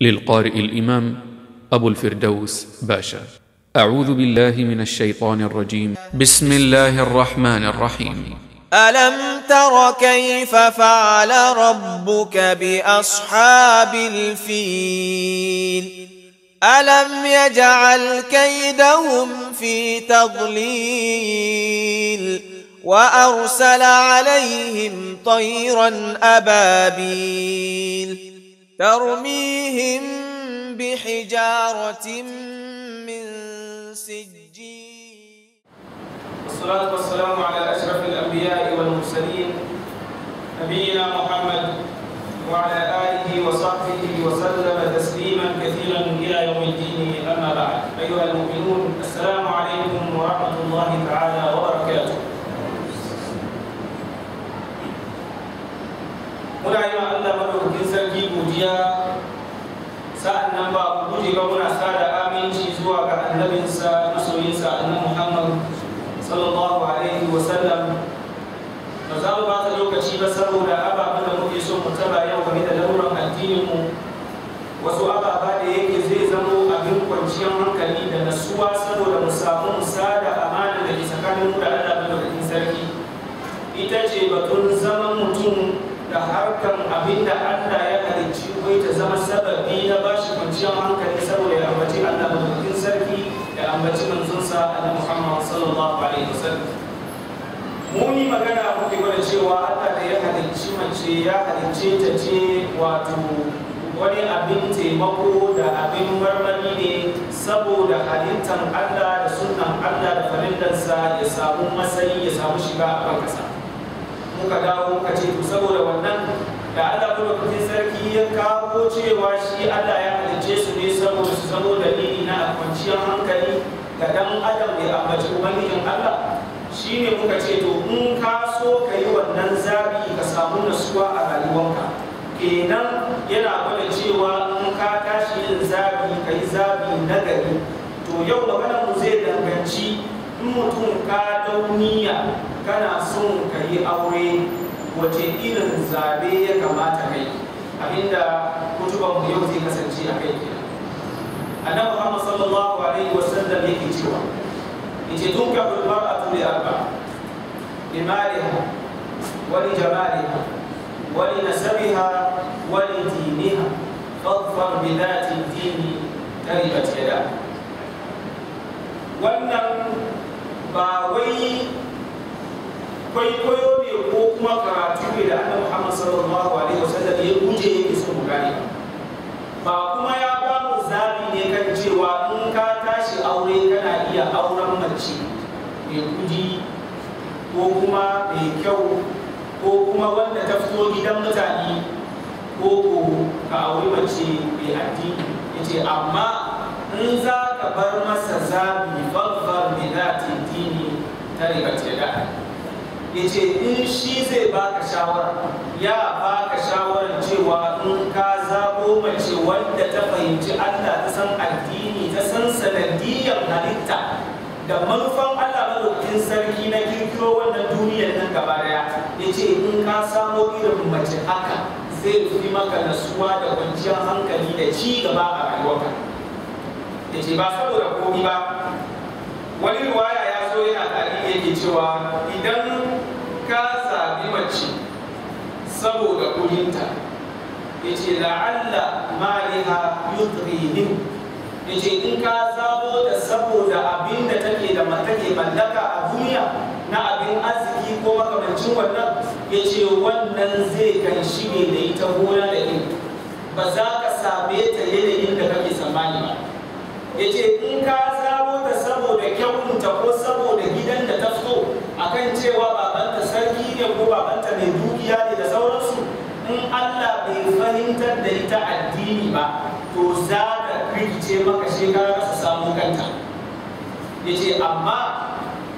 للقارئ الإمام أبو الفردوس باشا أعوذ بالله من الشيطان الرجيم بسم الله الرحمن الرحيم ألم تر كيف فعل ربك بأصحاب الفيل ألم يجعل كيدهم في تضليل وأرسل عليهم طيرا أبابيل ترميهم بحجارة من سجين والصلاة والسلام على أشرف الأنبياء والمرسلين نبينا محمد وعلى آله وصحبه وسلم تسليما كثيرا إلى يوم الدين أما بعد أيها المؤمنون السلام عليكم ورحمة الله تعالى وبركاته muna yi wa Allah sarki godiya sa'an nan ba ku guje ba muna sa da aminci zuwa ga annabinsa masoyinsa annabi Muhammad sallallahu alaihi wa sallam ba za mu ba ta lokaci ba saboda ababen da muke so mu taba yau game da lamuran addinin wasu ababa da yake zai zamo abin kwanciyar hankali da nasuwa saboda mu samu da amana da ke tsakanin mu da Allah sarki ita ce batun zaman mutum da harkan abinda Allah ya halicci wai ta zama sababi na bashi kwanciyar hankali saboda ya ambaci Allah madaukakin sarki ya ambaci manzonsa Annabi Muhammad sallallahu alaihi wasallam muni magana muke gwada cewa Allah da ya halicci mace ya halicce ta ce wato wani abin taimako da abin marmari ne saboda halittar Allah da sunan Allah da farillarsa ya samu matsayi ya samu shiga a kan kasa muka dawo muka ce to saboda wannan da Allah kuma kafin sarki ya kawo cewa shi Allah ya halicce su ne saboda su zamo dalili na kwanciyar hankali ga dan adam bai ambaci ubangijin Allah shi ne muka ce to in ka so ka yi wannan zabi ka samu nasuwa a rayuwarka kenan yana gwada cewa in ka tashi yin zabi ka yi zabi na gari to yau da mu zai danganci in mutum ka dauniya kana son ka yi aure wace irin zabe ya kamata kai abinda kutuban mu yau zai kasance a kai kenan annabi Muhammad sallallahu alaihi wasallam yake cewa yace tun kafin mar'atu li arba li maliha wa li jamaliha wani li nasabiha wa li diniha fadfar bi dhati dini taribat yada wannan kwaikwayo ne ko kuma karatu ne da annabi Muhammad sallallahu alaihi wasallam ya guje yake so mu gane ba kuma ya ba mu zabi ne kan cewa in ka tashi aure kana iya auren mace mai kudi ko kuma mai kyau ko kuma wanda ta fito gidan mutane ko ko ka auri mace mai addini yace amma in za ka bar masa zabi babbar mai za ta dini tare riba ce da yace in shi zai baka shawara ya baka shawarar cewa in ka zabo mace wanda ta fahimci allah ta san addini ta san sanadiyar halitta da manufan allah madaukin sarki na kirkiro wannan duniyar nan gaba daya yace in ka samo irin mace haka zai fi maka nasuwa da kwanciyar hankali da ci gaba a rayuwarka yace ba saboda komai ba wani waya ya zo yana tare yake cewa idan ka zaɓi mace saboda kudinta ya ce la'alla maliha yutrinin ya ce in ka zabo da saboda abin da take da take mallaka a duniya na abin arziki ko makamancin wannan ya ce wannan zai kan shi ne da ita gona da yin, ba za ka same ta yanayin da kake tsammani ba ya ce in ka zabo da saboda kyawunta ko saboda gidan da ta fito akan cewa giya ko babanta mai dukiya ne da sauransu in Allah bai fahimtar da ita addini ba to za ka rikice maka shekara su samu kanta ya ce amma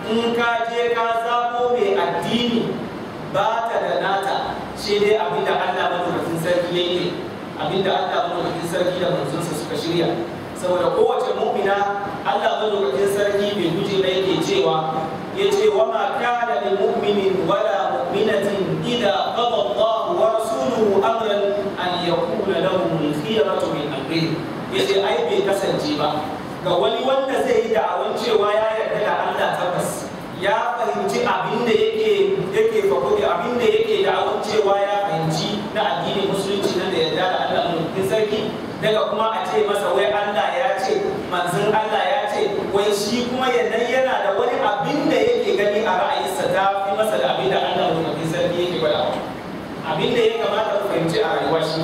in ka je ka zamo mai addini ba ta da nata shi dai abinda Allah madaukakin sarki ne yi abinda Allah madaukakin sarki da manzonsa suka shirya saboda kowace mu'mina Allah madaukakin sarki bai guje ba yake cewa ya ce wa ma kana lil mu'minin wala عاملة إذا قضى الله ورسوله أمرا أن يكون لهم الخيرة من أمره yace ai bai kasance ba ga wani wanda zai yi da'awan cewa ya yarda da Allah tabbas ya fahimci abin da yake yake faɗo yake da'awan cewa ya fahimci na addinin musulunci na da yarda da Allah mulkin sarki daga kuma a ce masa wai Allah ya ce manzon Allah ya ce wai shi kuma yana yana da wani abinda yake gani a ra'ayinsa ta fi masa da abin da Allah abin da ya kamata ku fahimci a rayuwa shi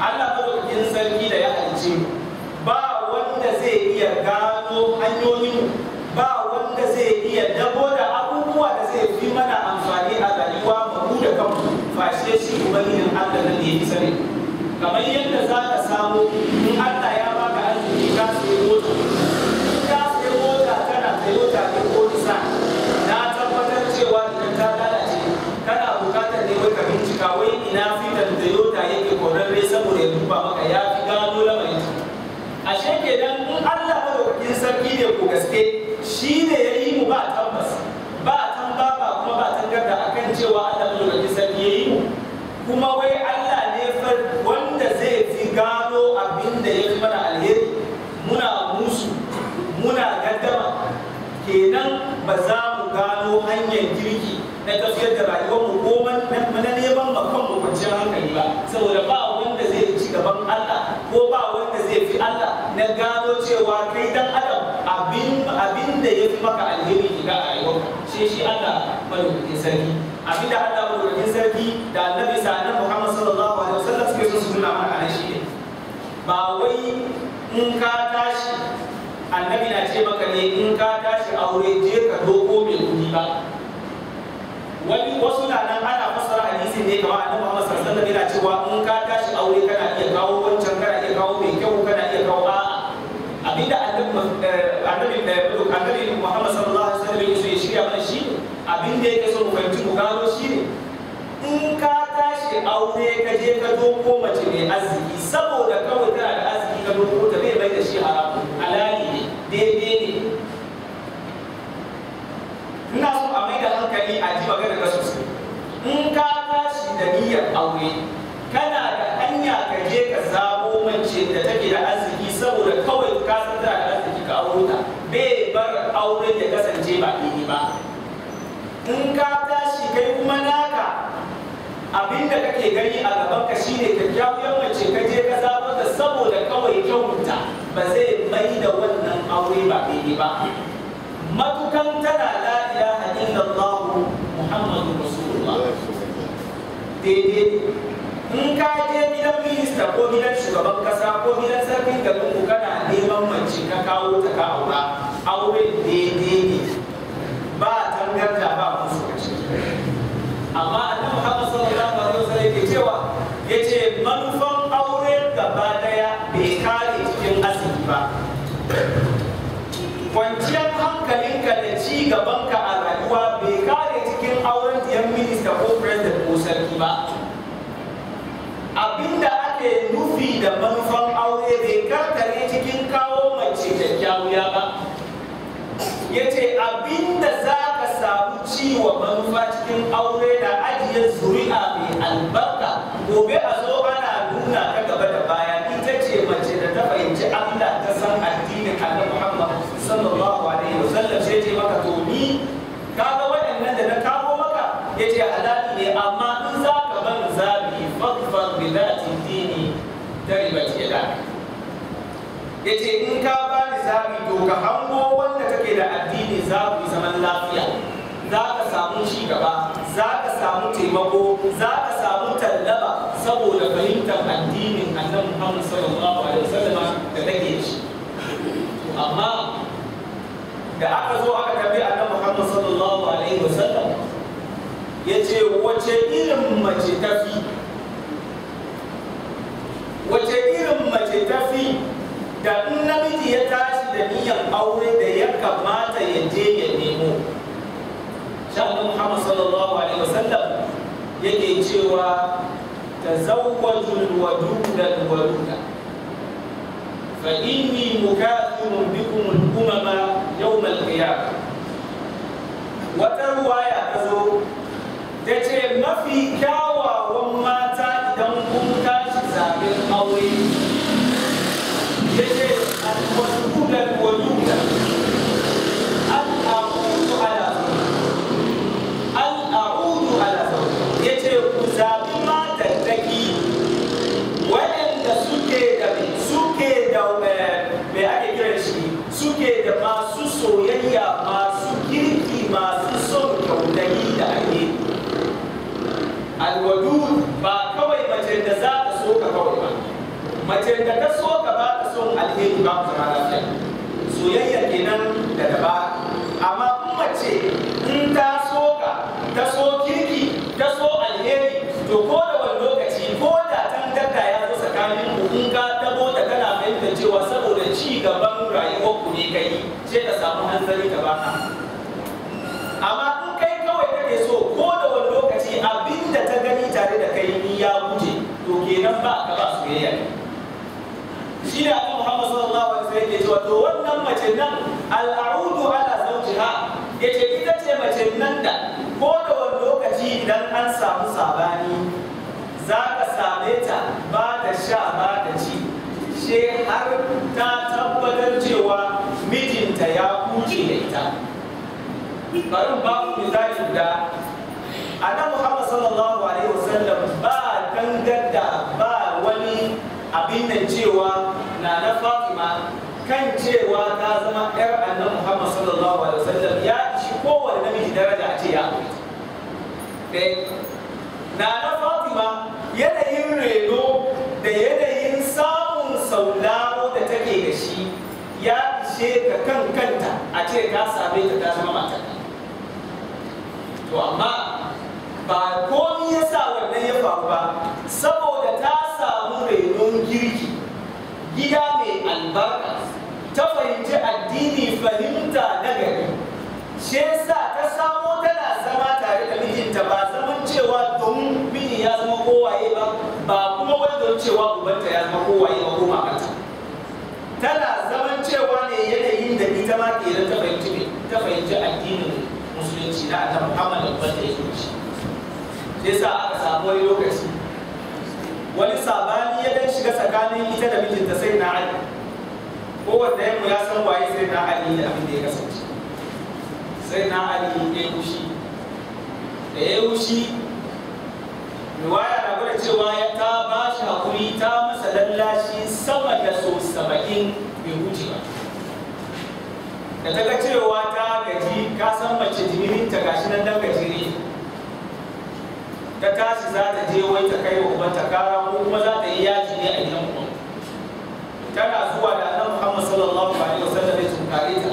Allah madaukakin sarki da ya halice ba wanda zai iya gano hanyoyin ba wanda zai iya dabo da abubuwa da zai fi mana amfani a rayuwa mu da kanmu fashe shi ubangijin Allah da ya yi sani kamar yadda za ka samu Allah madaukakin sarki ne ko gaske shi ne ya yi mu ba tabbas ba tamba ba kuma ba tangarda akan cewa Allah madaukakin sarki ya yi mu kuma wai Allah ne fa wanda zai fi gano abin da ya fi mana alheri muna musu muna gaddama kenan ba za mu gano hanyar kirki na tafiyar da rayuwar cewa kai dan adam abin abin da ya fi maka alheri ga rayuwar shi shi Allah madaukakin sarki abin da Allah madaukakin sarki da annabi sa annabi Muhammad sallallahu alaihi wasallam suke so su nuna mana shi ne ba wai in ka tashi annabi na ce maka ne in ka tashi aure je ka doko mai kudi ba wani wasu na nan ana fassara hadisin ne kamar annabi Muhammad sallallahu alaihi wasallam yana cewa in ka tashi aure kana iya kawo wancan kana iya kawo mai kyau kana abinda annabi eh, eh, annabi Muhammad sallallahu alaihi wasallam ya ce shirya mana shi abinda yake so mu ji mu gano shi ne in ka tashi aure ka je ka doko mace mai arziki saboda kawai tana da arziki ka doko ta bai bai da shi haram halali ne daidai ne ina so a mai da hankali a ji magana da sosai in ka tashi da niyyar aure kana da hanya ka je ka zabo mace da take da arziki saboda kawai ka san za ka arziki ka auro ta bai bar auren ya kasance ba daidai ba in ka tashi kai kuma naka abinda kake gani a gaban ka shine kyakkyawar mace ka je ka zaɓo ta saboda kawai kyauta ba zai mai da wannan aure ba daidai ba matukan tana la ilaha illallah muhammadu rasulullah daidai in ka je gidan minista ko gidan shugaban kasa ko gidan sarkin garin ku kana neman mace ka kawo ta ka aura aure daidai ne ba tangarda ba musu amma annabi Muhammad sallallahu alaihi wasallam yake cewa yace manufan aure gaba daya bai kare cikin asiri ba kwanciyar hankalinka da ci gaban ka a rayuwa bai kare cikin auren yan minista ko president ko sarki ba cikin aure da ajiye zuri'a mai albarka gobe a zo ana nuna ta gaba da baya ita ce mace da ta fahimci Allah ta san addinin Annabi Muhammad sallallahu alaihi wasallam sai ce maka to ni kaga waɗannan da na kawo maka yace halali ne amma in za ka ban zabi fadfar bi zati dini taribat yada yace in ka bani zabi to ka hango wanda take da addini zabi zaman lafiya samu gaba za ka samu taimako za ka samu tallaba saboda fahimtar addinin annabi Muhammad sallallahu alaihi wasallam da take shi amma da aka zo aka tafi annabi Muhammad sallallahu alaihi wasallam yace wace irin mace tafi wace irin mace tafi da in namiji ya tashi da niyyar aure da ya kamata ya je ya nemo annabi Muhammad sallallahu alaihi wasallam yake cewa tazawwajul waduda waduda fa inni mukathirun bikum al-umama yawm al-qiyamah wata ruwa ya zo ta ce mafi kyawawan mata idan kun tashi zaɓen aure ya ce wadud ba kawai mace da za ta so ka kawai ba mace da ta so ka ba ta son alheri ba ta zama lafiya soyayya kenan da dabara amma in mace in ta so ka ta so kirki ta so alheri to ko da wani lokaci ko da tangarda ya zo tsakanin ku in ka tabo ta kana fahimtar cewa saboda ci gaban rayuwar ku ne kai sai ka samu hanzari ka ba amma in kai kawai kake so ko tare da kai ni ya wuce to kenan ba ka ba su yayya shi ne abu muhammad sallallahu alaihi wasallam yake cewa to wannan mace nan al'audu ala zawjiha yace ita ce mace nan da ko da wani lokaci idan an samu sabani za ka same ta ba ta sha ba ta ci she har ta tabbatar cewa mijinta ya kuce da ita bari ba ku misali da annabi muhammad sallallahu alaihi wasallam wasallam ba da ba wani abin da cewa na na fatima kan cewa ta zama yar annabi muhammad sallallahu alaihi wasallam ya ci kowane namiji daraja a ce ya eh, na na fatima yanayin reno da yanayin samun saudaro da take da shi ya ishe ka kan kanta a ce ka same ta ta zama mata to amma ba komi ya sa wannan ya faru ba saboda ta samu renon girki gida mai albarka ta fahimci addini fahimta na gari shi yasa ta samo tana zama tare da mijinta ba zaman cewa don mini ya zama kowaye ba ba kuma wai don cewa ubanta ya zama kowaye ba ko makarta tana zaman cewa ne yanayin da ita ma ke ta fahimci ta fahimci addinin musulunci na ta muhammad wanda ya zuci yasa a samu wani lokaci wani sabani ya dan shiga tsakanin ita da mijinta sai na ali kowanne mu ya san waye sai na ali da abin da ya kasance sai na ali ya kushi da ya kushi riwaya na gwada cewa ya ta ba shi hakuri ta masa lallashi sama da so saba'in bai wuce ba da ta ga cewa ta gaji ka san mace ta gashi nan dan gajere ta tashi za ta je wai ta kai wa ubanta kara ko kuma za ta yi yaji ne a gidan kuma? tana zuwa da annabi Muhammad sallallahu alaihi wasallam ya tunkare ta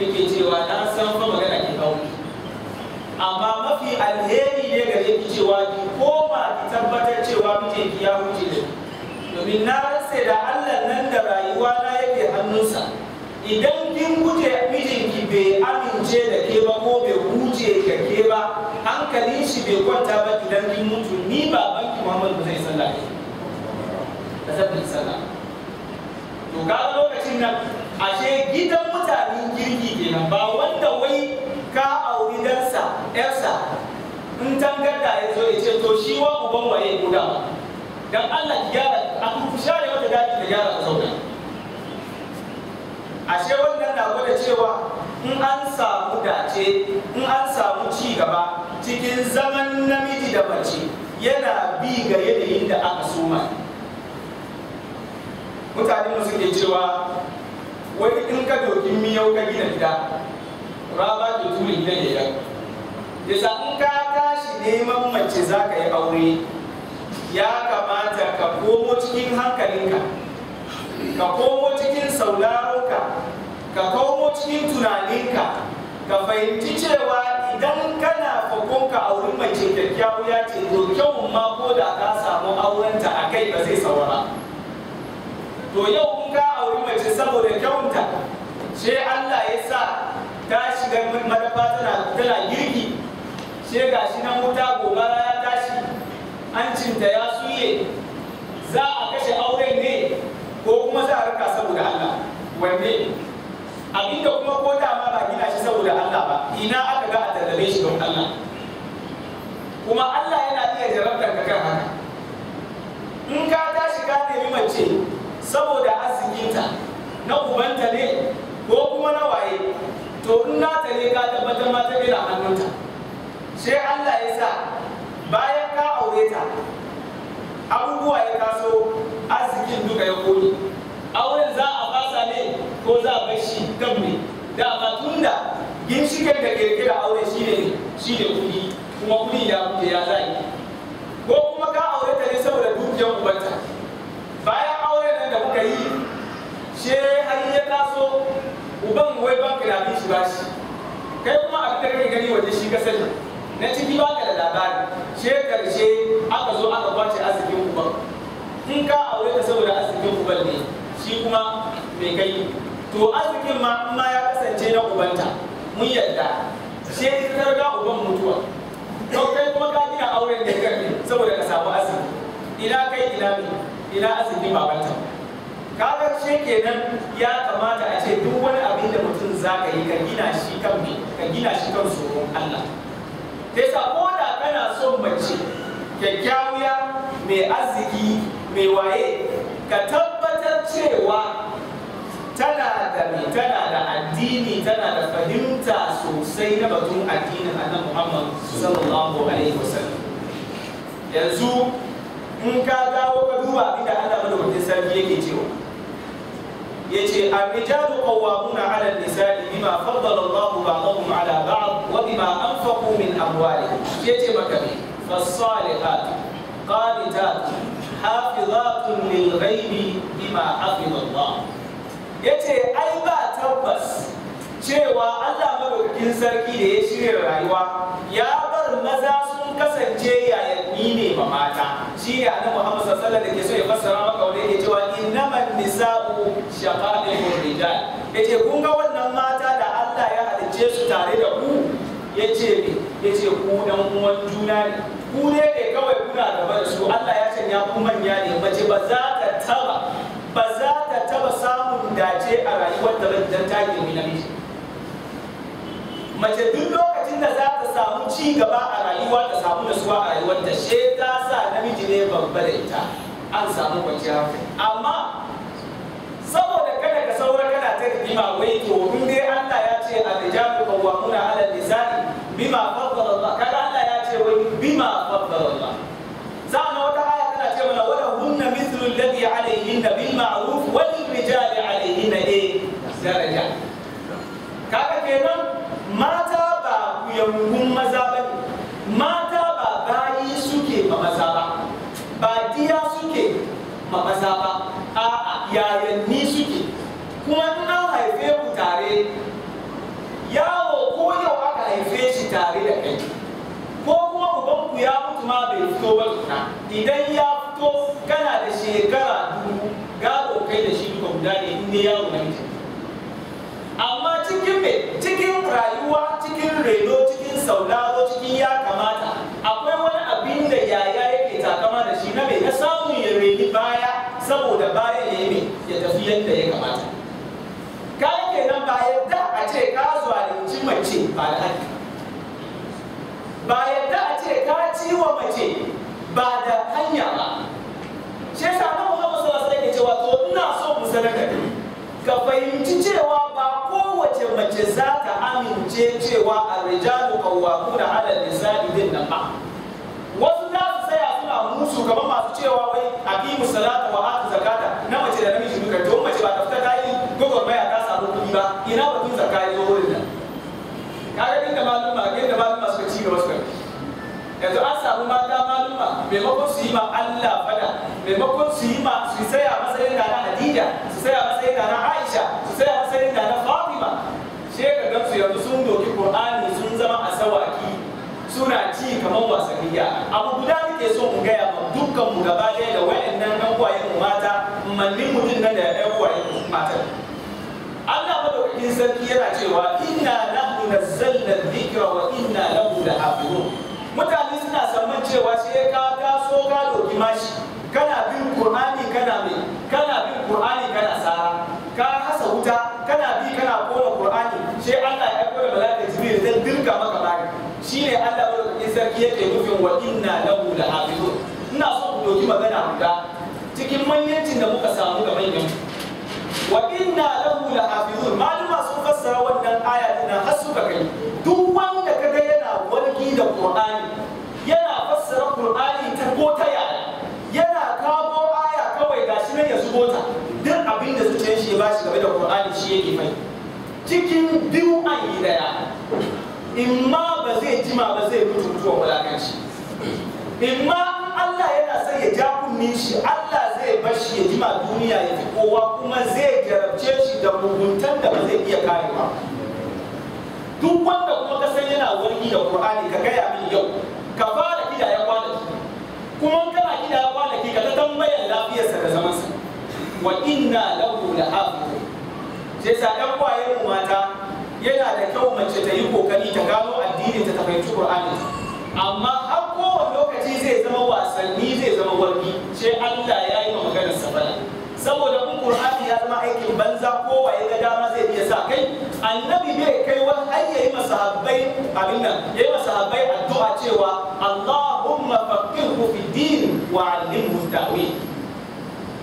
yake cewa na san fa magana ke kawo amma mafi alheri ne gare ki cewa ki koma ki tabbatar cewa mijinki ya huce da domin na rantse da Allah nan da rayuwa na yake hannunsa idan kin guje mijin bai amince da ke ba ko bai huce da ke ba hankalin shi bai kwanta ba idan kin mutu ni ba banki muhammadu zai sallah da sabbin sallah to ga lokacin nan ashe gidan mutanen kirki kenan ba wanda wai ka auri dansa yarsa in tangarda ya zo ya ce to shi wa uban waye guda dan Allah ki gyara a ku share wata daki da gyara a sauka ashe wannan na gwada cewa in an samu dace in an samu ci gaba cikin zaman namiji da mace yana bi ga yanayin da aka soma mutane mu suke cewa wani in ka doki miyau ka gina gida raba da turi gidan ya in ka tashi neman mace za ka yi aure ya kamata ka komo cikin hankalinka ka komo cikin sauraronka ka ka cikin tunaninka ka fahimci cewa idan kana fakonka a wurin mai mace kyakkyawu ya ce to kyau ma ko da ka samu aurenta a kai ba zai saura to yau kun ka auri mace saboda kyaunta she Allah ya sa ta shiga madafa tana tana girki she gashi na wuta gobara ya tashi hancinta ya suye za a kashe auren ko kuma za a rika saboda Allah wanne abinda kuma ko da ma ba gina shi saboda Allah ba ina aka ga a tallabe shi don Allah kuma Allah yana iya jarabtar ka kan haka in ka tashi ka nemi mace saboda arzikinta na ubanta ne ko kuma na waye to in na ta ne ka tabbatar ma ta hannunta sai Allah ya sa bayan ka aure ta abubuwa ya taso arzikin duka ya kone auren za a fasa ne ko za a bar shi kan ne da ba da ginshiken da kirkira aure shi ne kuɗi kuma kuɗi ya kuɗe ya za ko kuma ka aure ta ne saboda dukiyar ubanta bayan aure nan da muka yi shi har ya taso uban wai ba ka shi ba shi kai kuma a fitar kai gani waje shi ka sani na ciki ba ka da labari she karshe aka zo aka kwace arzikin uban in ka aure ka saboda arzikin uban ne shi kuma mai kai to arzikin ma in ma ya kasance na ubanta mun yarda she ta riga uban mutuwa to kai kuma ka gina auren da kai saboda ka samu arziki ina kai ina mai ina ba babanta kaga she kenan ya kamata a ce duk wani abin da mutum za ka yi ka gina shi kan me ka gina shi kan tsoron Allah yasa ko da kana son mace kyakkyawiya mai arziki mai waye ka tabbatar cewa tana da mai tana da addini tana da fahimta sosai na batun addinin ana Muhammad sallallahu alaihi wasallam yanzu in ka dawo ka duba abin da Allah madaukakin yake cewa يجي الرجال قوامون على النساء بما فضل الله بعضهم على بعض وبما انفقوا من اموالهم يجي مكبي فالصالحات قانتات حافظات للغيب بما حفظ الله يجي اي بقى تبس cewa Allah madaukakin sarki da ya shirya rayuwa ya bar maza sun kasance yayanni ne ma mata shi ya na Muhammad sallallahu alaihi wasallam ke so ya fassara maka wanda yake cewa innaman nisa'u shaqaqul rijal yace kun ga wannan mata da Allah ya halice su tare da ku yace me yace ku dan uwan juna ne ku ne ne kawai kuna gaba da su Allah ya canya ku manya ne mace ba za ta taba ba za ta taba samun dace a rayuwar ta ba idan ta girmi namiji mace duk lokacin da za ta samu ci gaba a rayuwa ta samu nasuwa a rayuwarta she ta sa namiji ne babba da ita an samu kwanciyar amma saboda kada ka saura kana ta rigima wai to in dai Allah ya ce a rijalu qawwamuna 'ala nisa'i bima faddala Allah kaga Allah ya ce wai bima faddala Allah zama wata aya tana ce mana wala hunna mithlu alladhi 'alayhinna bil ma'ruf wal rijali 'alayhinna eh daraja kaga kenan yayanni suke kuma in an haife ku tare yawo ko yau aka haife shi tare da kai ko kuma ubanku ya mutu ma bai fito ba tuna idan ya fito kana da shekara dubu gado kai da shi duka guda ne in ne yawo na amma cikin me cikin rayuwa cikin reno cikin sauda yadda ya kamata kayan kenan ba yadda a ce ka zuwa ci mace ba da haka ba yadda a ce ka ci wa mace ba da hanya ba shi yasa nan Muhammad sallallahu alaihi wasallam cewa to ina so mu sanar da ka fahimci cewa ba kowace mace za ta amince cewa a rijalu qawwamuna da an lisani din nan ba wasu za su tsaya suna musu kamar masu cewa wai aqimu salata wa atu zakata na mace da namiji duka to gwagwarmaya ta samu kuɗi ba ina batun zakka ya zo wurin nan kaga inda maluma inda maluma suka ci gaba suka yanzu an samu mata maluma maimakon su yi ma Allah fada maimakon su yi ma su saya masayin da na Hadija su saya masayin da na Aisha su saya masayin da na Fatima sai ka ga su yanzu sun doki Qur'ani sun zama asawaki suna ci kamar wasanniya abu guda nake so mu gaya ma dukkan mu gaba ɗaya da wayannan uwaye mu mata mallin mutum nan da uwaye mu matan Allah madaukakin sarki yana cewa inna nahnu nazzalna dhikra wa inna lahu lahafizun mutane suna samun cewa shi ya ka taso ka doki mashi kana bin qur'ani kana mai kana bin qur'ani kana sara ka hasa wuta kana bi kana kona qur'ani sai Allah ya da malaka jibril zai dinka maka bari ne Allah madaukakin sarki yake nufin wa inna lahu lahafizun ina so ku doki magana guda cikin manyancin da muka samu ga manyan wa inna lahu la hafizun maluma sun fassara wannan aya din har suka kai duk wanda ka ga yana walki da qur'ani yana fassara qur'ani ta ko ta ya yana kawo aya kawai gashi nan ya zubo ta duk abin da zuciyar shi ya bashi game da qur'ani shi yake mai cikin biyu an yi daya in ma ba zai jima ba zai mutu mutuwa wulakanci in ma Allah yana son ya ja kunnin shi Allah zai bar shi ya jima duniya ya fi kowa kuma zai jarabce shi da muguntan da ba zai iya kare ba duk wanda kuma ka san yana warki da Qur'ani ka gaya min yau ka fara kidayen kwanaki kuma kana kwana kwanaki ka ta tambayar sa da sa wa inna lahu la'afu sai sa dan kwaye mu mata yana da kyau mace ta yi kokari ta gano addinin ta ta fahimci Qur'ani amma lokaci zai zama wasanni zai zama wani ce Allah ya yi maganar sa bala saboda in Qur'ani ya zama aikin banza kowa ya ga dama zai iya sa kai annabi bai kai wa har yayi masahabbai abin nan yayi masahabbai addu'a cewa Allahumma faqqihhu fi din wa 'allimhu ta'wil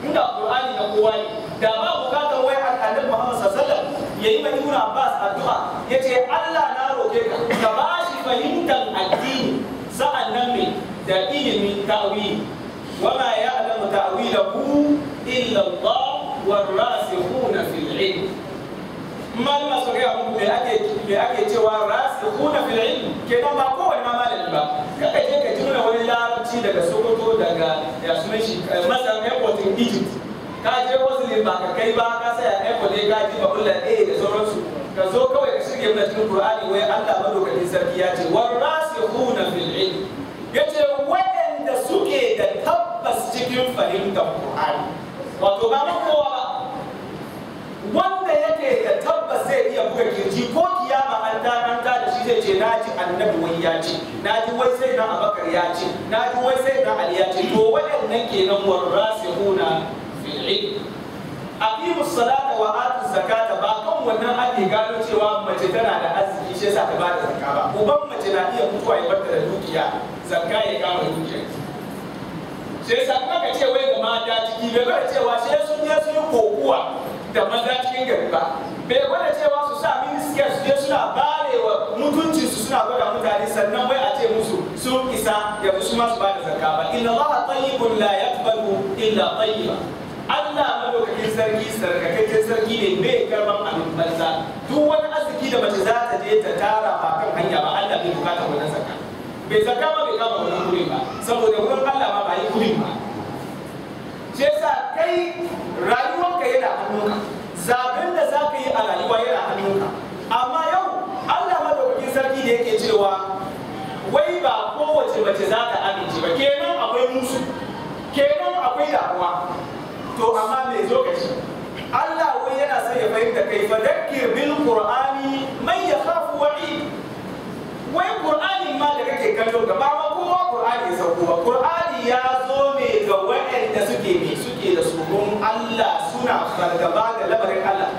inda Qur'ani na kowa ne da ba bukatar wai annabi Muhammad sallallahu alaihi wasallam yayi mai Ibn Abbas addu'a yace Allah na roke ka ka ba shi fahimtar addini sa'annan me تأويل تأويل وما يعلم تأويله إلا الله والراسخون في العلم ما لما سوري أبو بأكيد بأكيد جوا راسخون في العلم كنا ما قوة ما مال الباب كذا جاء كتبنا ولا تشي دعى سقطوا دعى يا سمشي مثلا ما يقول تيجي كذا جوا سليم باك كذا باك سيا ما يقول يجا جي بقول له إيه زورس كذا زوكا ويكسر يمنا تقول قرآن ويا الله ما لو كان يسقيه جوا راسخون في ya ce waɗanda suke da tabbas cikin fahimtar Qur'ani wato ba ma kowa ba wanda yake da tabbas zai iya buga kirji ko kiyama an dananta da shi zai ce na ji annabi wai ya ce na ji wai sai na abakar ya ce na ji wai sai na ali ya ce to waɗannan kenan warrasihuna fil ilm aqimu salata wa atu zakata ba kan wannan ake gano cewa mace tana da arziki shi yasa ta bada zakka ba uban mace na iya mutuwa ya barta da dukiya zakka ya kama dukiyar shi yasa ka ce wai ga mata ciki bai gwada cewa sai sun je sun yi kokuwa da maza cikin gari ba bai gwada cewa su sa miniskiya su je suna barewa mutuncin su suna gwada mutane sannan wai a ce musu sun isa yanzu su masu bada zaka ba inna allaha tayyibun la yaqbalu illa tayyiba Allah madaukakin sarki sarkakakken sarki ne bai karban abin banza duk wani arziki da mace za ta je ta tara ba kan hanya ba Allah bai bukata wannan zakka bai zaka ba bai kama wannan gurin ba saboda wurin Allah ba ba yi gurin ba shi kai rayuwarka yana hannunka zaben da zaka yi a rayuwa yana hannunka amma yau Allah ma madaukakin sarki da yake cewa wai ba kowace mace za ta amince ba kenan akwai musu kenan akwai damuwa to amma me zo ka Allah wai yana so ya fahimta kai fa dakkir bil qur'ani man yakhafu wa'id wai qur'ani ma da kake kallo gaba ma kowa Qur'ani ya sauko ba Qur'ani ya zo ne ga waɗanda suke bi suke da tsoron Allah suna fargaba ga lamarin Allah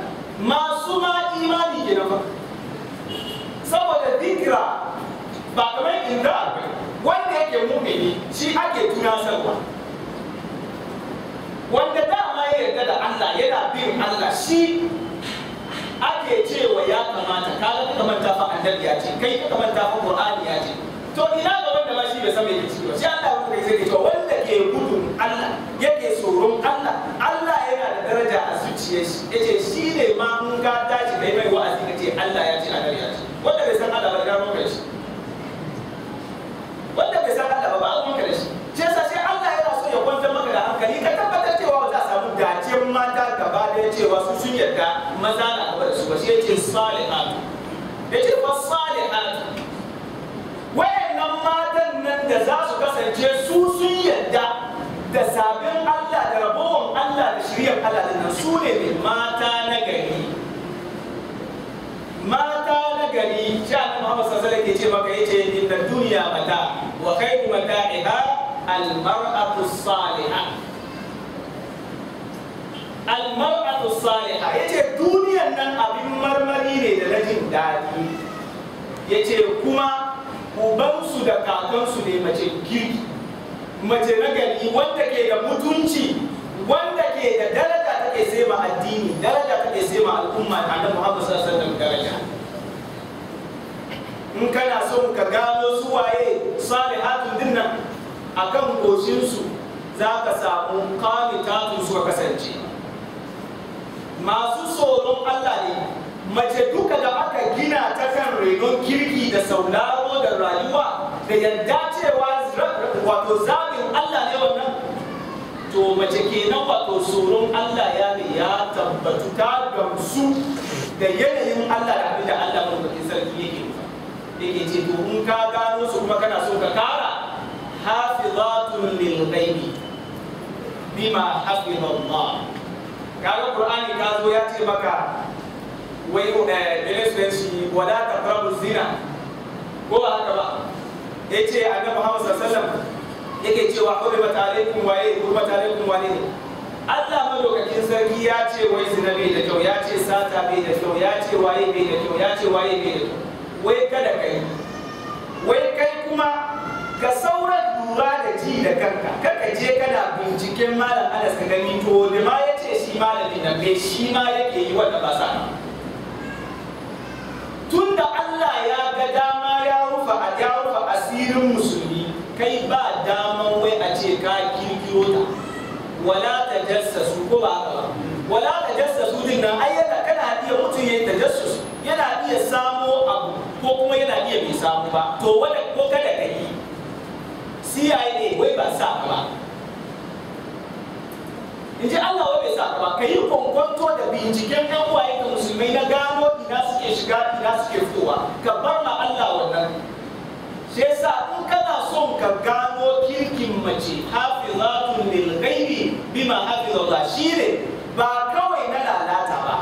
masu ma imani ke ba saboda dikira ba kamar inda wanda yake mumini shi ake tunasarwa wanda dama ya yarda da Allah yana bin Allah shi ake cewa ya kamata ga ka kamanta fa annabi ya ce kai ka kamanta fa qur'ani ya ce to ina ga wanda ma shi bai san me yake ciki ba sai Allah ya zai to wanda ke gudun Allah yake tsoron Allah Allah yana da daraja a zuciyar shi yace shi ne ma mun ga ji kai mai wa'azi kace Allah ya ce annabi ya ce wanda bai san Allah ba ga mun shi wanda bai san Allah ba ba mun kare shi sai sa sai Allah yana so ya kwantar maka da hankali ka tabbatar cewa za a samu dace mata gaba da cewa su sun yarda maza na ba shi yace salihat yace fa salihat wayannan matan nan da za su kasance su sun yadda da sabin Allah da rabuwan Allah da shirya Allah da su ne mata na gari mata na gari shi annabi Muhammad sallallahu alaihi wasallam ke ce maka yace inna dunya mata wa khayru mata'iha al-mar'atu salihah almar'atu salihah yace duniyan nan abin marmari ne da na jin daɗi yace kuma ubansu da kakansu ne mace girki mace na wanda ke da mutunci wanda ke da daraja ke sai ma addini daraja ke sai ma al'umma da Muhammad sallallahu alaihi daraja in kana son ka gano su waye salihatun dinnan akan goshin su za ka samu kamitatun su kasance masu tsoron Allah ne mace duka da aka gina ta kan renon kirki da sauraro da rayuwa da yadda cewa wato zaɓin Allah ne wannan to mace kenan wato tsoron Allah ya ne ya tabbatu ta gamsu da yanayin Allah da abin da Allah mafi sarki yake ke ce to ka gano su kuma kana so ka kara hafizatun lil ghaibi bima hafiza Allah kaga qur'ani ka zo ya ce maka wai mene su shi wala taqrabu zina ko ba haka ba yace annabi Muhammad sallallahu alaihi wasallam yake cewa hurimat alaikum wa hurimat alaikum wa Allah madaukakin sarki ya ce wai zina bai da kyau ya ce sata bai da kyau ya ce waye bai da kyau ya ce waye bai da kyau wai kada kai wai kai kuma ka sauran lura da ji da kanka kaka je kana binciken malam anas ka gani to da ma ya ce shi malamin nan bai shi ma yake yi wanda ba sa tun da Allah ya ga dama ya rufa a ya rufa asirin musulmi kai ba daman wai a ce ka kirkiro ta wala ta su ko ba haka ba wala ta su din nan ai yana kana iya mutum yayin ta jassasu yana iya samo abu ko kuma yana iya bai samu ba to wanda ko kada ka yi cia wai ba sa ba in ji allah wai bai sa ba ka yi kwankwanto da binciken yan uwaye da musulmai na gano ina suke shiga ina suke fitowa ka bar ma allah wannan shi yasa in kana son ka gano kirkin mace hafizatun lil ghaibi bima hafizallah shine ba kawai na lalata ba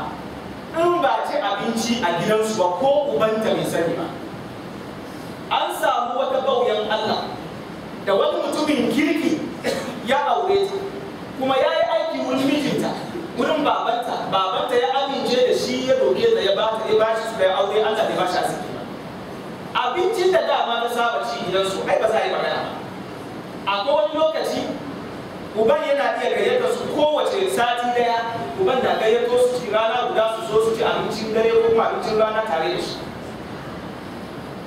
in ba ci abinci a gidansu ba ko ubanta mai sani ba da wani mutumin kirki ya aure ta kuma ya yi aiki wurin mijinta wurin babanta babanta ya amince da shi ya doke da ya bata ya bashi su da aure Allah bai bashi asiri abincin da dama ta saba ci idan su ai ba za a yi magana ba akwai wani lokaci uban yana iya gayyata su kowace sati daya uban na gayyato su ci rana guda su zo su ci abincin dare ko abincin rana tare da shi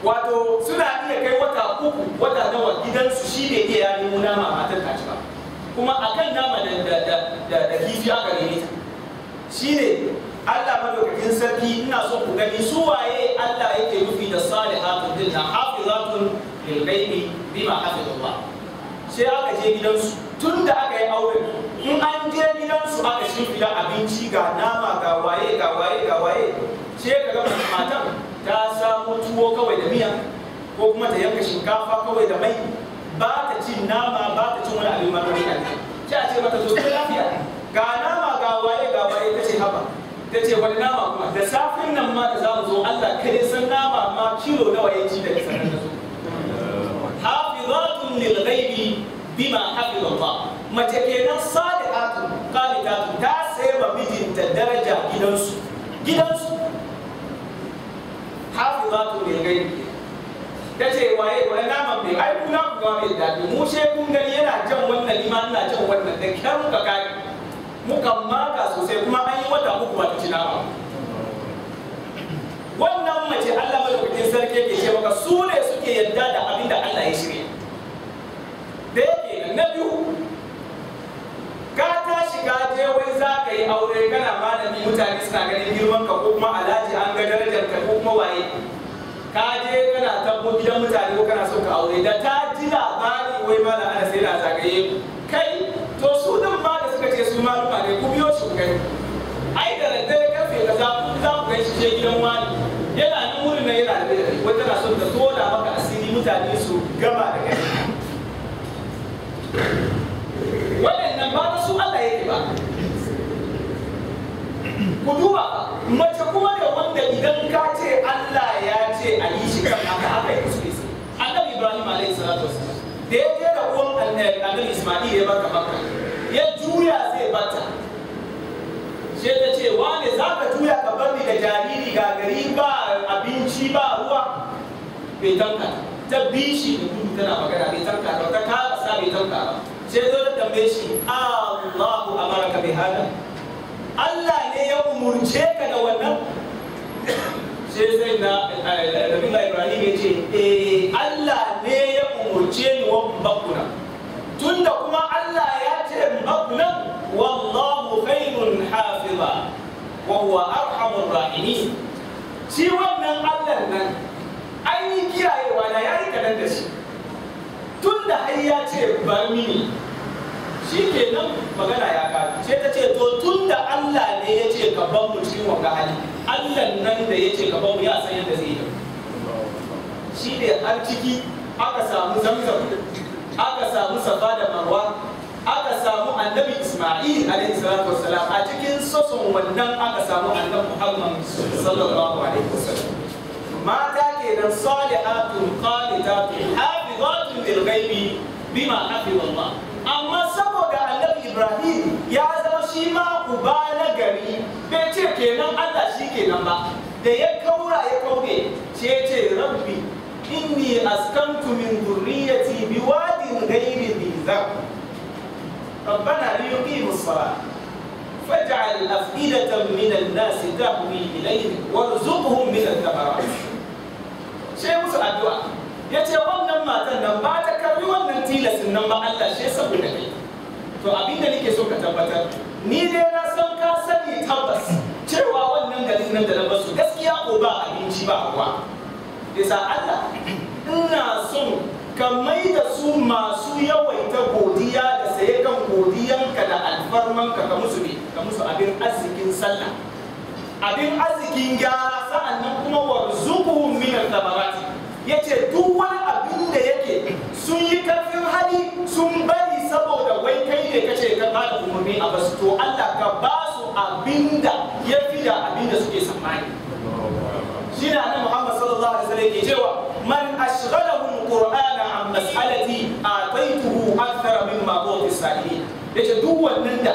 wato suna iya kai wata uku wata nawa gidansu shi ne iya ya nemo nama matar ta ci ba kuma akan nama da da kifi aka gani ta shi ne Allah madaukakin sarki ina so ku gani su waye Allah yake nufi da salihatun na hafizatun lil ghaibi bima hafizallah sai aka je gidansu tun da aka yi aure in an je gidansu aka shimfida abinci ga nama ga waye ga waye ga waye sai ka ga matan ta samo tuwo kawai da miya ko kuma ta yanka shinkafa kawai da mai ba ta cin nama ba ta cin wani abin ma a ciki sai a ce mata zo ta lafiya ga nama ga waye ga waye ta ce haba ta ce wani nama kuma da safin nan ma da za mu zo Allah kai san nama ma kilo nawa ya ci daga sanar da su hafizatun lil ghaibi bima hafiz Allah mace kenan salihatu qalitatu ta sayar wa mijinta daraja gidansu gidansu hafizatu lil ghaib tace waye wani naman bai ai ku kuma mai dadi mu she kun gani yana jan wannan liman na jan wannan da kyar muka kai muka maka sosai kuma an yi wata muku ba ta ci nama wannan mace Allah madaukakin sarki ke ce maka su ne suke yadda da abin da Allah ya shirya da yake na biyu ka tashi ka je wai za ka yi aure kana malami mutane suna ganin girman ka ko kuma alhaji an ga darajar waye ka je kana tabbo gidan mutane ko kana son ka aure da ta ji labari wai malam ana sai na zagaye kai to su din ma da suka ce su ma ruwa ne ku biyo su kai ai da daddare karfe za ku za ku je gidan wani yana nan wurin nan yana da wai tana son ta tona maka asiri mutane su gama da kai waɗannan ba su Allah yake ba ku duba mace kuma da wanda idan ka ce Allah ya ce a yi shi kan haka haka ya kuskure su annabi Ibrahim alaihi salatu wasallam da ya je ruwan uwan annabi Isma'il ya baka baka ya juya zai bata she ta ce wane za ka juya ka bar ni da jariri ga gari ba abinci ba ruwa bai tanka ta bi shi da gudu tana magana bai tanka ba ta kasa bai tanka ba sai zo da tambaye shi Allahu amaraka bi hada Allah ne ya umurce ka da wannan sai sai na eh, rabila ibrahim ya ce eh Allah ne ya umurce ni wa bakuna tunda kuma Allah ya ce bakuna wallahu khairun hafiza wa huwa arhamur rahimin shi wannan Allah nan an yi kiyayewa na ya rika nan da shi tunda har ya ce ba mini shi nan magana ya ka sai ta ce to tun da Allah ne ya ce ka ban mu cikin wanga hali Allah nan da ya ce ka ban mu ya san yadda zai yi shi ne an ciki aka samu zamzam aka samu safa da marwa aka samu annabi Isma'il alaihi salatu wassalam a cikin sosan wannan aka samu annabi Muhammad sallallahu alaihi wasallam mata kenan salihatun qanitatun hafizatun lil ghaibi bima hafiz Allah amma saboda annabi ibrahim ya zama shi ma uba na gari bai ce kenan allah shi kenan ba da ya kaura ya kauye ce ce rabbi inni askantu min zurriyati bi wadin ghairi bi zan rabbana li yuqimu salat faj'al afidatan min an-nas tahwi ilayhi warzuqhum min ath-thamarat sai musu addu'a yace wa matan nan ba ta karbi wannan tilasin nan ba Allah shi saboda kai to abin da nake so ka tabbatar ni dai na san ka sani tabbas cewa wannan garin nan da na basu gaskiya ko ba abinci ba kuwa yasa Allah ina son ka mai da su masu yawaita godiya da saye kan godiyanka da alfarmanka ka musu ne ka musu abin arzikin sallah abin arzikin gyara sa'annan kuma warzuquhum min al-thamarati yace duk wani abin sun yi karfin hali sun bari saboda wai kai ne kace ka ba da umarni a basu to Allah ka ba su abinda ya fi da abinda suke tsammani shi na annabi Muhammad sallallahu alaihi wasallam ke cewa man ashghalahu alqur'ana an mas'alati ataituhu akthara mimma tu'ti sa'ilin yace duk wannan da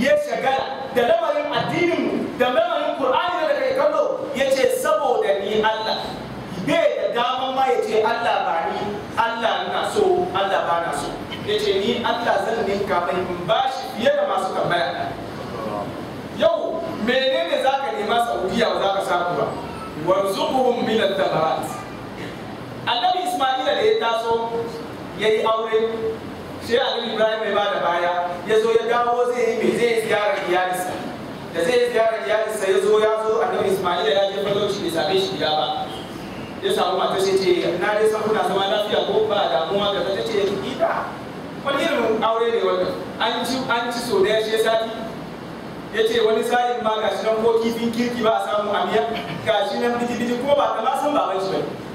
ya shiga da lamarin addinin da lamarin qur'ani da kai kallo yace saboda ni Allah bai da dama ma yace Allah ba ni Allah na so Allah ba na so ya ce ni Allah zan ninka mai in bashi fiye da masu tambaya yau menene za ka nema saudiya ba za ka samu ba warzuquhum min al thamarat annabi isma'ila da ya taso yayi aure sai Ali ibrahim ya da baya ya zo ya dawo zai yi mai zai ziyara iyalinsa da zai ziyara iyalinsa ya zo ya zo annabi isma'ila ya je fado shi bai shi gida ba ya samu mata sai ce na dai san kuna zama lafiya ko ba damuwa ga ta ce ita wani irin aure ne wannan an ci an ci so da shi sati ya ce wani sa'in ma gashi nan ko kifin kirki ba a samu amiya gashi nan biji biji ko ba ta ma san baban shi bane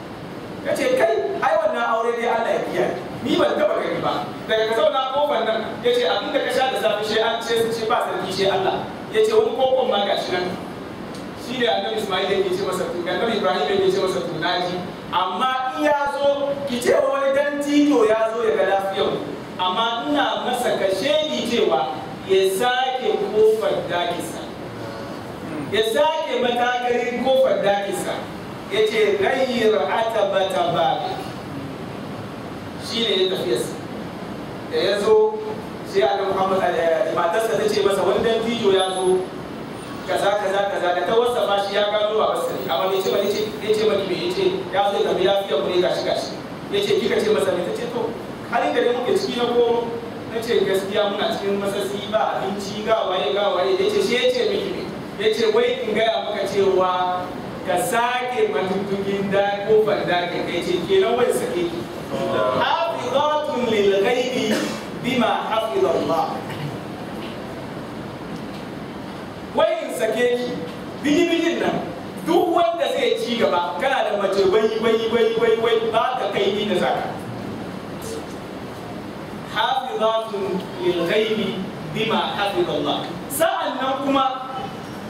Ya ce kai ai wannan aure dai Allah ya kiyaye ni ban taba gani ba daga ka zauna kofar nan ya ce abinda ka sha da safe shi an ce ba sarki shi Allah ya ce wani kokon ma gashi nan shi da annabi ismail ya ce masa tuna annabi ibrahim ya ce masa tuna ji amma in ya zo ki ce wa wani dan tito ya zo ya ga lafiyar amma ina masa kashedi cewa ya sake kofar dakinsa ya sake matakarin kofar dakinsa ya ce gayyar atabata ba shi ne ya tafiyarsa da ya zo sai annabi muhammad eh, matarsa ta ce masa wani dan tito ya zo kaza kaza kaza da ta wasafa shi ya gano a basiri amma ne ce ba ne ce ne ce maki me yace ya zo ga ya fiya mu ne gashi gashi ce kika ce masa ne ta ce to Har inda ne muke ciki na ko na ce gaskiya muna cikin masasi ba abinci ga waye ga waye ce shi ya ce miki Ne ce wai in gaya maka cewa ka sake matuttugin da kofar da ka kai ce nan wai sake ki hafizatun lil ghaibi bima hafizallah sake shi, biji-bijin nan duk wanda zai ci gaba kana da mace bai bai bai bai bai ba ta kai ni da zaka hafizatun lil ghaibi bima Sa'an nan kuma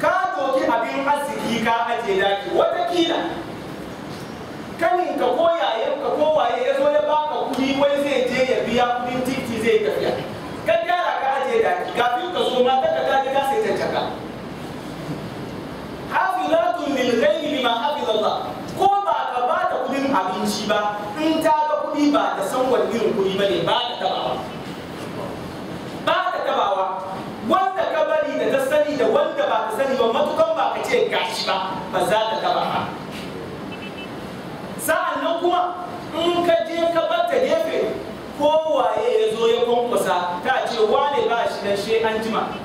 ka doki abin arziki ka aje daki wata kila kanin ka ko yayan ka ko waye ya zo ya baka kuɗi wai zai je ya biya kuɗin titi zai tafiya ka gyara ka aje daki kafin ka so ma ka ka ka sai ta hafilatun lil ghaibi bima hafizallah ko ba ka ba ta kudin abinci ba in ta ga kudi ba ta san wani irin kudi ba ne ba ta tabawa ba ta tabawa wanda ka bari da ta sani da wanda ba ta sani ba matukan ba ka ce gashi ba ba za ta taba ba sa'an nan kuma in ka je ka bar ta gefe kowaye ya zo ya kwankwasa ta ce wane ba shi da she an jima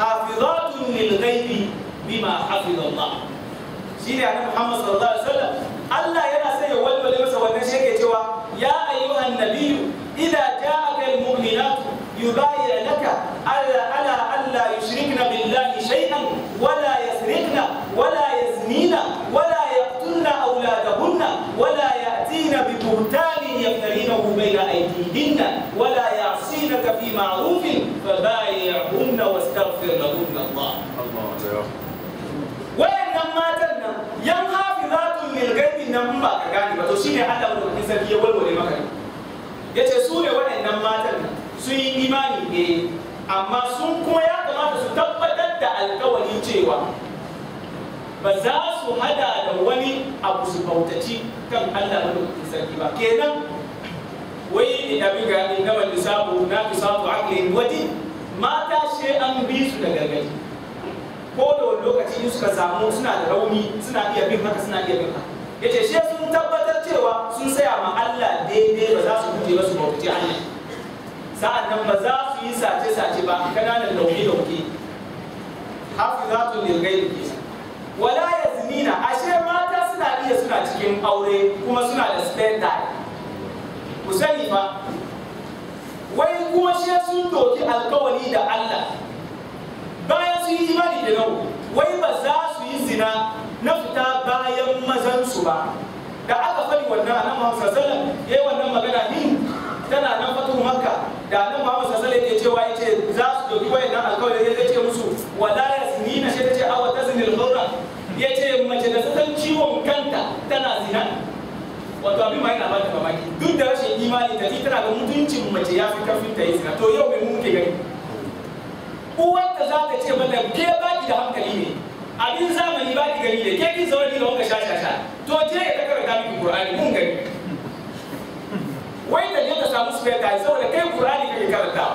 حافظات للغيب بما حفظ الله شيء يعني محمد صلى الله عليه وسلم الله يرى سي ولا ولا ولا شيء يا ايها النبي اذا جاءك المؤمنات يبايع لك ألا ألا ان لا يشركن بالله شيئا ولا يسرقنا ولا يزنينا ولا يقتلن اولادهن ولا ياتين ببهتان يفترينه بين ايديهن ولا يعصينك في معروف فبايع nan ba ka gane ba to shine Allah madaukakin sarki ya walwale maka ne yace su ne waɗannan matan sun yi imani ne eh, amma sun kuma ya kamata su tabbatar da alkawari cewa ba za su hada da wani abu su bautaci kan Allah madaukakin sarki ba kenan wai da bi ga na wani sabu na fi sabu aklin wadi mata she an bi su da gargadi ko da wani lokaci in suka samu suna da rauni suna iya bin haka suna iya bin haka yace shi sun tabbatar cewa sun saya ma Allah daidai ba za su guje ba su bauti Allah sa'an nan ba za su yi sace sace ba kananan dauki dauki hafizatun lil ghaibi wala yaznina ashe mata suna iya suna cikin aure kuma suna da standard ku sani ba wai kuma shi sun doki alkawari da Allah bayan sun yi imani da nau wai ba za su yi zina na fita bayan mazansu ba da aka fari wannan annabi Muhammad sallallahu alaihi yayi wannan magana ni tana nan fatu makka da annabi Muhammad sallallahu alaihi cewa yace za su dauki wayannan alƙawari ya ce musu wala yaznina shi tace awa taznil khawra yace mace da san ciwon kanta tana zina wato abin ma yana bata mamaki duk da rashin imani da ni tana ga mutuncin mace ya fi karfin ta yi zina to yau mai muke gani uwarta za ta ce mana ke baki da hankali ne abin zamani ba ki gani da ke ni lokacin da sha sha. to je ya karanta miki qur'ani mun gani wai da ne ka samu spare time saboda kai qur'ani kake karanta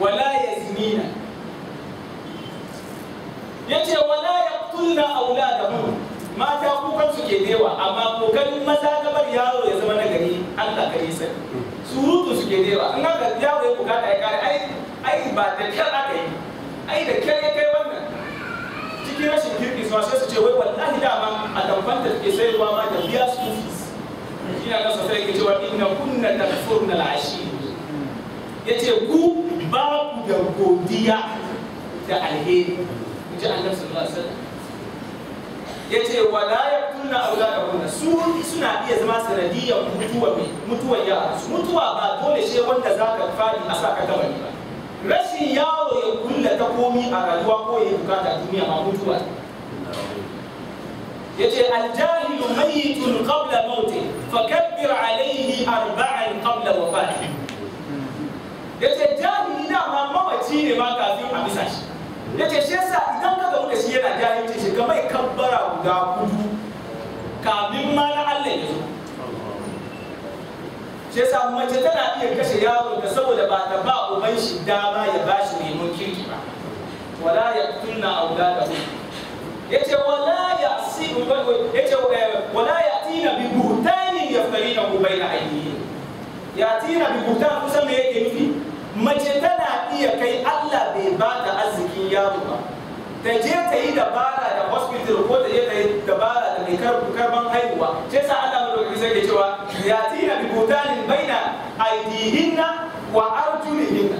wala yazmina yace wala yaqtulna auladahum mata kukan su ke dewa amma kokarin maza bar yaro ya zama nagari Allah ka yi sani surutu su ke dewa in ga yaro ya bukata ya kare ai ba da kyar aka yi ai da kyar ya kai wannan cikin rashin kirki su sai su ce wai wallahi dama a tamfanta ke sayarwa ma da biya su fees shi na kasa sai ke cewa inna kunna takfurna al'ashi yace ku ba ku da godiya da alheri inji Allah sallallahu alaihi wasallam yace wala yaqtulna awladahunna su suna iya zama sanadiyar mutuwa mai mutuwa ya mutuwa ba dole shi wanda za ka fadi a saka gaba ba rashin yawo ya kulla ta komi a rayuwa ko ya bukata duniya ma mutuwa yace aljahilu mayyitun qabla mauti fakabbir alayhi arba'an qabla wafati yace jahili da ma mawaci ne ma kafin a bisa shi yace shi yasa idan ka ga shi yana jahilci shi ga mai kabbara guda hudu kafin ma na Allah ya zo shi yasa mace tana iya kashe yaron da saboda ba ta ba uban shi dama ya ba shi neman kirki ba wala ya tunna auladahu yace wala ya si yace eh, wala ya tina bi buhtani yaftarina na aydihi ya tina bi buhtan kusan me yake nufi mace tana iya kai Allah bai ba ta arzikin yaro ba ta je ta yi dabara da hospital ko ta je ta yi dabara da mai karban haihuwa sai sa Allah roki sai ke cewa yatina bi butanin baina aidihinna wa arjulihinna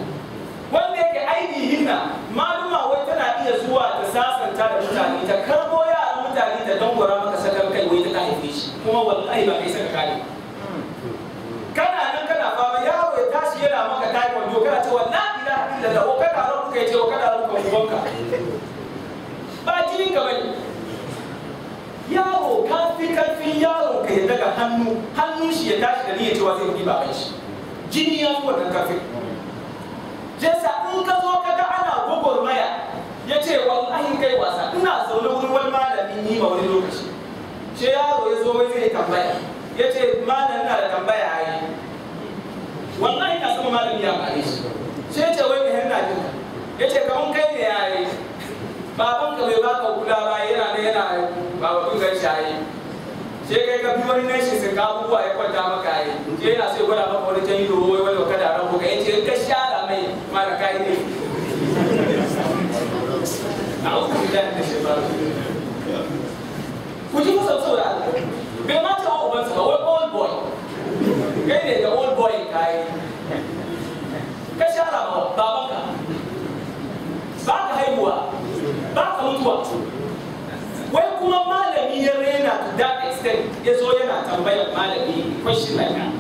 wanda yake aidihinna maluma wai tana iya zuwa ta sasanta da mutane ta karbo yaran mutane da dangora maka sakar kai wai ta haife shi kuma wallahi ba kai saka kare hmm. kana nan kana fama yawo ya hannu hannun shi ya tashi da niyyar cewa zai kuɗi baban shi jini ya fi wannan kafin jesa in ka zo ka ga ana maya. ya ce wallahi kai wasa ina zaune wurin wani malami ni ma wani lokaci ce yaro ya zo wai zai tambaya ya ce malam na da tambaya a yi wallahi ina sama malami ya bare shi ce ce wai mai hanna jin ya ce mun kai ne ya yi baban ka bai baka kula ba yana ne yana ba wa dukan shi a yi je kai ka bi wani nan shi abubuwa ya kwanta maka yi yana sai gwada maka wani can yi dogo wai wani yace ka shara mai mara ne a'udhu billahi minash shaitanir rajim ku ji musa saboda bai ma ta wai old boy kai ne da old boy kai ka shara ma babanka ba ka haihuwa ba ka mutuwa wai kuma malami ya rena to that extent ya zo yana tambayar malami question like that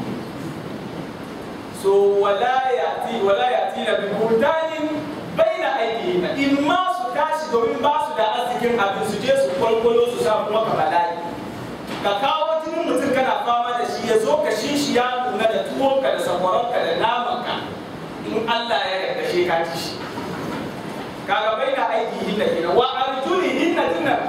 so wala ti wala ti na bibutanin baina aiki na in ma su tashi domin ba su da arzikin abin su je su kwalkwalo su sa kuma ka bala'i ka kawo jinin mutum kana fama da shi ya zo ka shi ya nuna da tuwonka da sakwaronka da namanka in Allah ya yarda shi ka ci shi kaga bai da aiki hinna kenan wa hinna dinnan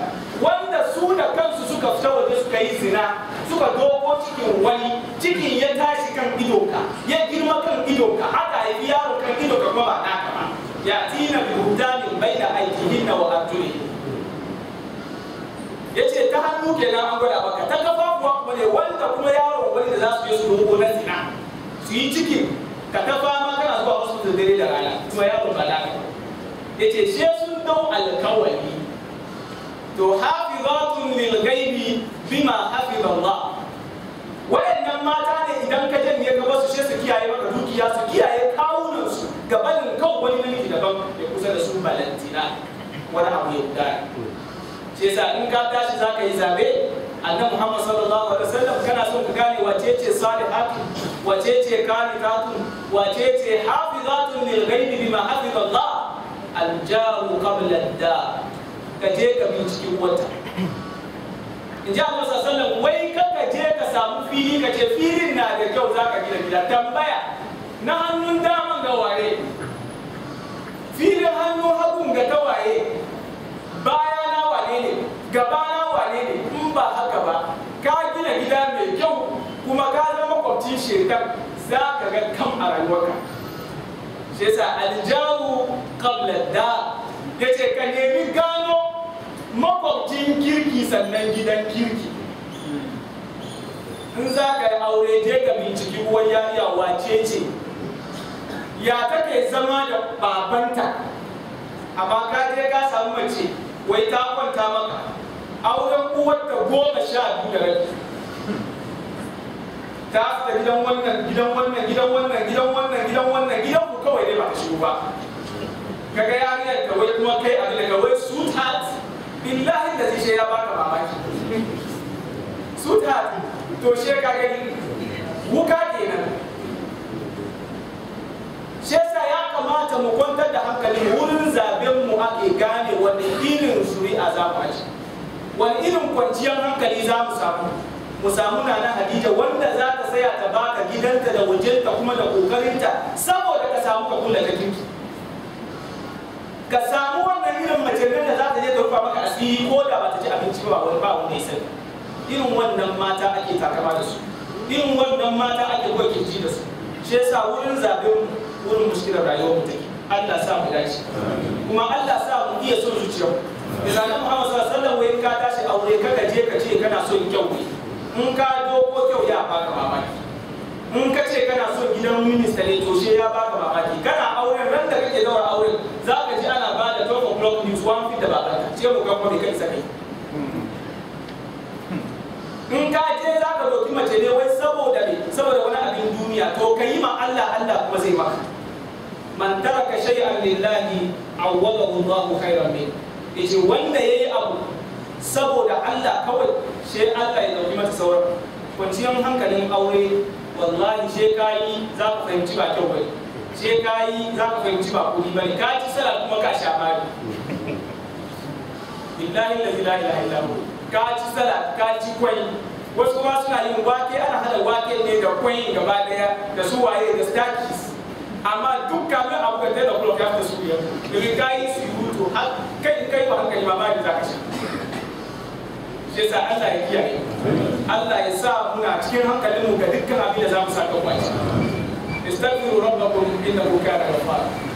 su da kansu suka fita waje suka yi zina suka dogo cikin wani cikin ya tashi kan ka ya girma kan ido ka haka haifi yaro kan ka kuma ba naka ba ya tina bi da aiki hinna wa Ya ce ta hannu ke an gwada baka, ta kuwa kuma ne wanda kuma yaro wani da za su yi su dogo na zina su yi cikin ka ta fama kana zuwa wasu da dare da rana kuma yaro ba Ya ce shi sun dau alkawari to hafizatun lil ghaibi bima hafizallah wayannan mata ne idan ka janye ka basu sai su kiyaye maka dukiya su kiyaye kawunan su ga barin kan wani namiji daban ya kusa da su balantina wani abu ya guda shi yasa in ka tashi za ka yi zabe annabi Muhammad sallallahu alaihi wasallam kana son ka gane wace ce salihatu wace ce kanitatu wace ce hafizatun lil ghaibi bima hafizallah al jaru qabla ad-dar ka je ka bi cikin wata in ji Allah sallallahu wai ka ka je ka samu fili ka ce filin na da kyau za ka gina gida tambaya na hannun daman ga waye filin hannu hagun ga ta waye baya na wane ne gaba na wane ne in ba haka ba ka gina gida mai kyau kuma ka zama makwabcin shekar za ka ga kan a rayuwarka shi yasa qabla da yace ka nemi ga cikin kirki sannan gidan kirki in za ka yi aure je ka binciki uwar yariya wace ce ya take zama da babanta amma ka je ka samu mace wai ta kwanta maka auren uwar ta goma sha biyu da rabi ta fita gidan wannan gidan wannan gidan wannan gidan wannan gidan wannan gidan ku kawai ne ba ka shigo ba kaga yariyar ta wai kuma kai abin da wai su ta billahi da zai ya baka mamaki su ta to she ka gani wuka kenan she sa ya kamata mu kwantar da hankali wurin zaben mu ake gane wani irin shuri'a za mu aji wani irin kwanciyar hankali za mu samu mu samu na na Hadija wanda za ta saya ta baka gidanta da wajenta kuma da kokarinta saboda ka samu ka kula da kirki ka samu wannan irin mace da za ta je ta rufa maka asiri ko da ba ta ci abinci ba wani ba wanda ya sani irin wannan mata ake takama da su irin wannan mata ake kuwa kirji da su shi yasa wurin zaɓen wurin muskilar rayuwar mu take Allah sa mu dace kuma Allah sa mu iya son zuciyar mu da zanen Muhammad sallallahu alaihi wasallam wai ka tashi aure ka je ka ce kana son kyau ne in ka doko kyau ya baka mamaki in ka ce kana son gidan minista ne to she ya baka mamaki kana auren ran da kake daura auren za block news one fit da babanka ce mu ga kuma bai kai sa kai in ka je za ka ɗauki mace ne wai saboda ne saboda wani abin duniya to ka yi ma Allah Allah kuma zai maka man taraka shay'an lillahi awwadahu Allahu khairan min yace wanda yayi abu saboda Allah kawai sai Allah ya ɗauki mata sauran kwanciyar hankalin aure wallahi sai ka yi za ka fahimci ba kyau bai. je ka yi za ka fahimci ba kuɗi ba ne ka ci sala kuma ka sha mari billahi la ilaha illa ka ci sala ka ci kwai wasu kuma suna yin wake ana hada wake ne da kwai gaba daya da su waye da stakis amma duk kamin abu da da kullum ka ta su ya ka yi su hutu har kai kai ba hankali ba mari za ka sha shi yasa Allah ya kiyaye Allah ya sa muna cikin hankalinmu ga dukkan abin da za mu saka kwaci استغفروا ربكم انه كان غفارا